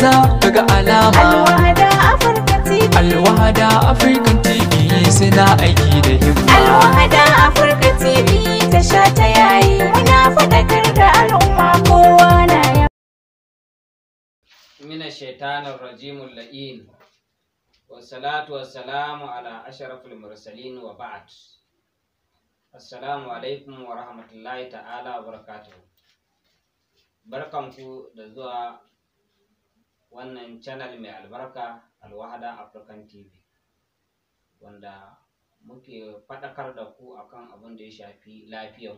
za ka ga alama alwahada afirka tv alwahada afirka tv suna aiki da himma alwahada afirka tv ta sha ta yayi muna faɗakar da al'umma kowa na yau mina shaitanar rajimun la'in والصلاة ala على mursalin wa وبعد Assalamu alaikum wa rahmatullahi ta'ala wa barakatuhu. Barkanku da zuwa wannan channel mai albarka alwahada african tv wanda muke faɗakar da ku akan abin da ya shafi lafiyar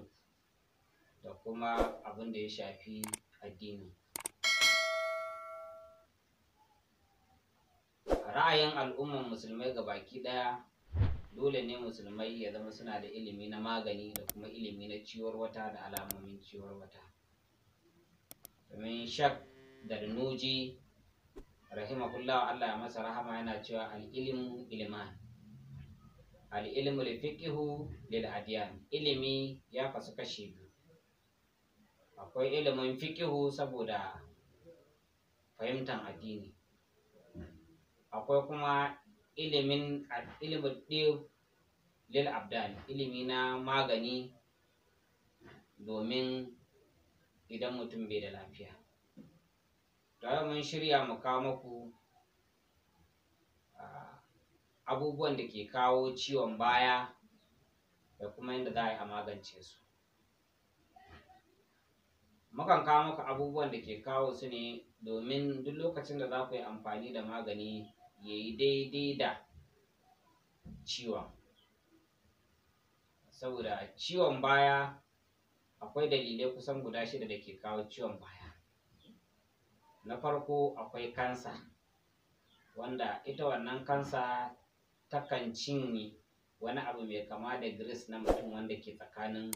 da kuma abin da ya shafi addini ra'ayin al'umman musulmai ga baki ɗaya dole ne musulmai ya zama suna da ilimi na magani da kuma ilimi na ciwar wata da alamomin ciwar wata domin shak da nuji rahimahullah Allah ya masa rahama yana cewa al-ilmu ilman al-ilmu lil adyan ilimi ya kasu kashi biyu akwai ilimin fiqhu saboda fahimtar addini akwai kuma ilimin ilimin dil lil abdan ilimi na magani domin idan mutum bai da lafiya da mun shirya mu kawo muku abubuwan da ke kawo ciwon baya da kuma yadda za a yi a magance su mukan kawo muku abubuwan da ke kawo su ne domin duk lokacin da za ku yi amfani da magani ya yi daidai da ciwon saboda ciwon baya akwai dalilai kusan guda shida da ke kawo ciwon baya na farko akwai kansa wanda ita wannan kansa takan cinye wani abu mai kama da gris na mutum wanda ke tsakanin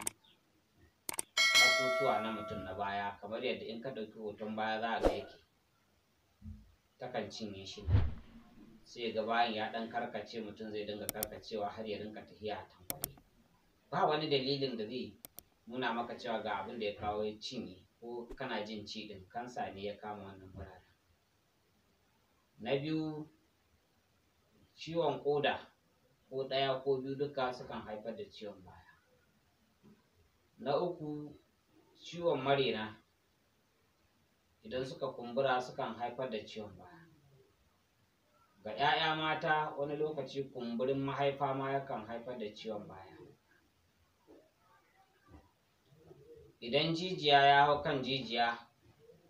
asusuwa na mutum na baya kamar yadda in ka ɗauki hoton baya za a ga yake takan cinye shi sai ga bayan ya ɗan karkace mutum zai dinga karkacewa har ya rinka tafiya a tankwale ba wani dalilin da zai nuna maka cewa ga abin da ya kawo ya cinye ko kana jin ci ɗin kansa ne ya kama wannan wuraren na biyu ciwon ƙoda ko ɗaya ko biyu duka sukan haifar da ciwon baya na uku ciwon marina idan suka kumbura sukan haifar da ciwon baya ga 'ya'ya mata wani lokaci kumburin mahaifa ma yakan haifar da ciwon baya idan jijiya ya hau kan jijiya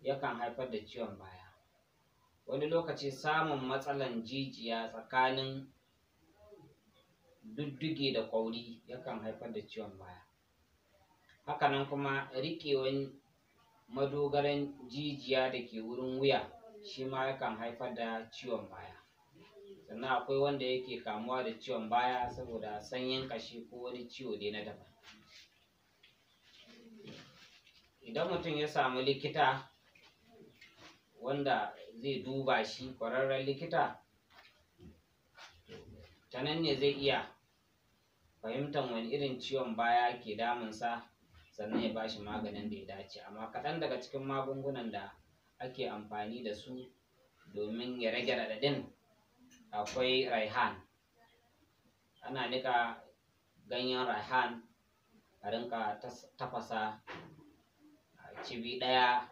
yakan haifar da ciwon baya wani lokaci samun matsalan jijiya tsakanin dudduge da kwauri yakan haifar da ciwon baya hakanan kuma riƙewan madogaran jijiya da ke wurin wuya shi ma yakan haifar da ciwon baya sannan akwai wanda yake kamuwa da ciwon baya saboda sanyin ƙashi ko wani ciwo dai na daban idan mutum ya samu likita wanda zai duba shi ƙwararren likita ta nan ne zai iya fahimtar wani irin ciwon baya ke damunsa sannan ya bashi maganin da ya dace amma kaɗan daga cikin magungunan da ake amfani da su domin ya rage raɗaɗin akwai raihan ana nika ganyen raihan a rinka tafasa cibi ɗaya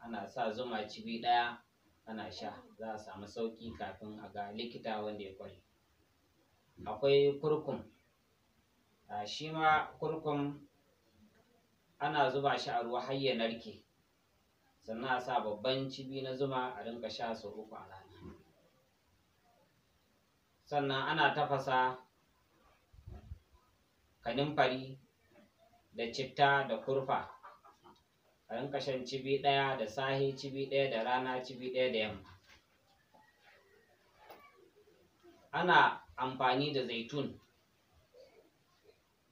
ana sa zuma cibi ɗaya ana sha za a samu sauƙi kafin a ga likita wanda ya kwari akwai kurkum shi ma kurkum ana zuba shi a ruwa har ya narke sannan a sa babban cibi na zuma a rinka sha sau uku a rana sannan ana tafasa fari da citta da kurfa A rinka shan cibi ɗaya da sahi cibi ɗaya da rana cibi ɗaya da yamma ana amfani da zaitun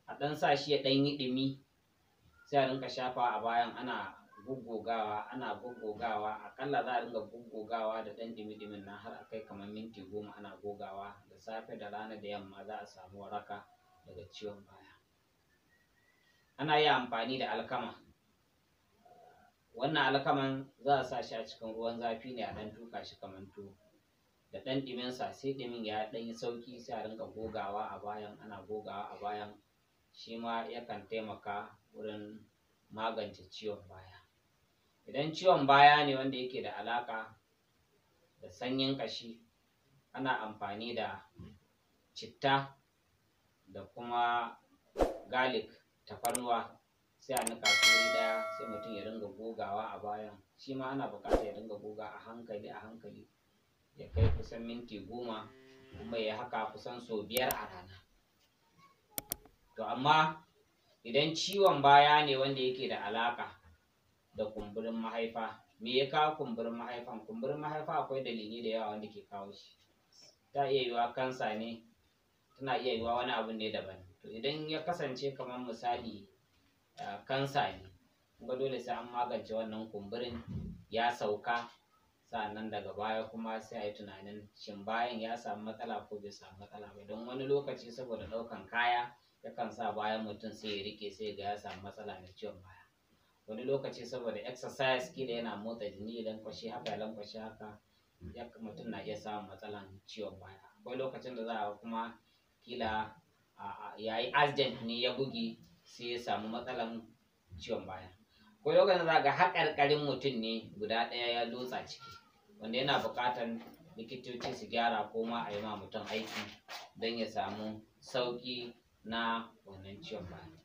a ɗan sa shi ya ɗan yi ɗumi sai a rinka shafa a bayan ana guggugawa ana guggugawa akalla za a rinka guggugawa da ɗan ɗumi ɗumin nan har a kai kamar minti goma ana gogawa da safe da rana da yamma za a samu waraka daga ciwon baya ana yi amfani da alkama wannan alkaman za a sa shi a cikin ruwan zafi ne a ɗan tuka shi kamar tuwo da ɗan ɗiminsa sai ɗimin ya ɗan yi sauƙi sai a rinka gogawa a bayan ana gogawa a bayan shi ma yakan taimaka wurin magance ciwon baya idan ciwon baya ne wanda yake da alaƙa da sanyin ƙashi ana amfani da citta da kuma garlic tafarnuwa sai a nika su wuri daya sai mutum ya dinga gogawa a bayan shi ma ana bukatar ya dinga goga a hankali a hankali ya kai kusan minti goma kuma ya haka kusan sau biyar a rana to amma idan ciwon baya ne wanda yake da alaka da kumburin mahaifa me ya kawo kumburin mahaifan kumburin mahaifa akwai dalili da yawa wanda ke kawo shi ta iya yiwa kansa ne tana iya yiwa wani abu ne daban to idan ya kasance kamar misali kansa ne kuma dole sai an magance wannan kumburin ya sauka sannan daga baya kuma sai a yi tunanin shin bayan ya samu matsala ko bai samu matsala ba don wani lokaci saboda ɗaukan kaya yakan sa bayan mutum sai ya rike sai ga ya samu matsala na ciwon baya wani lokaci saboda exercise kila yana motsa jini idan kwashi haka idan kwashi haka mutum na iya samun matsalan ciwon baya akwai lokacin da za a kuma kila ya yi accident ne ya bugi sai ya samu matsalan ciwon baya ko lokacin za ga haƙarƙarin mutum ne guda ɗaya ya lotsa ciki wanda yana buƙatar likitoci su gyara ko ma a yi ma mutum aiki don ya samu sauƙi na wannan ciwon baya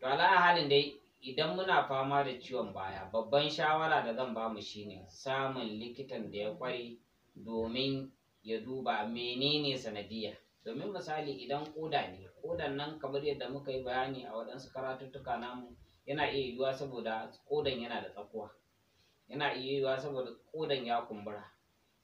to ala halin dai idan muna fama da ciwon baya babban shawara da zan bamu shine samun likitan da ya kwari domin ya duba menene sanadiyya domin misali idan koda ne kodan kamar yadda muka yi bayani a waɗansu karatuttuka namu yana iya yiwuwa saboda kodan yana da tsakuwa yana iya yiwuwa saboda kodan ya kumbura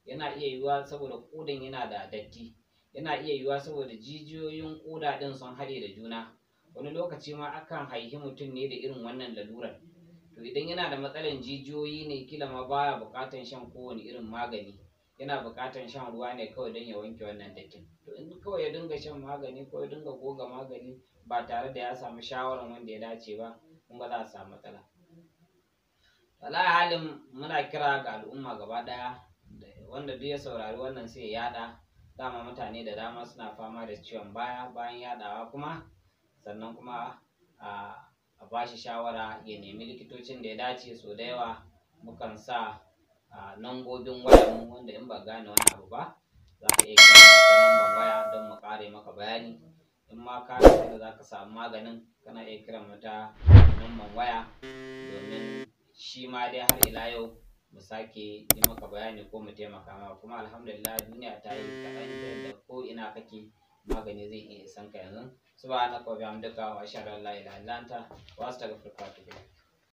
yana iya yiwuwa saboda kodan yana da datti yana iya yiwuwa saboda jijiyoyin koda ɗin sun haɗe da juna wani lokaci ma akan haihi mutum ne da irin wannan lalurar to idan yana da matsalan jijiyoyi ne kila ma baya buƙatar shan kowane irin magani yana buƙatar shan ruwa ne kawai don ya wanke wannan dakin to in kawai ya dinga shan magani ko ya dinga goga magani ba tare da ya samu shawarar wanda ya dace ba kuma ba za a samu matsala wala halin muna kira ga al'umma gaba ɗaya wanda duk ya saurari wannan sai ya yaɗa dama mutane da dama suna fama da ciwon baya bayan yaɗawa kuma sannan kuma a bashi shawara ya nemi likitocin da ya dace so da yawa mukan sa nambobin waya mu wanda in ba gane wani abu ba za ka iya kira ta waya don mu kare maka bayani in ma ka da za samu maganin kana iya kira mu ta waya domin shi ma dai har ila yau mu sake yi maka bayani ko mu taimaka ma kuma alhamdulillah duniya ta yi kaɗan da ko ina kake magani zai iya isan ka yanzu subhanaka wa bihamdika wa ashhadu an la ilaha illa anta wa astaghfiruka wa atubu ilaik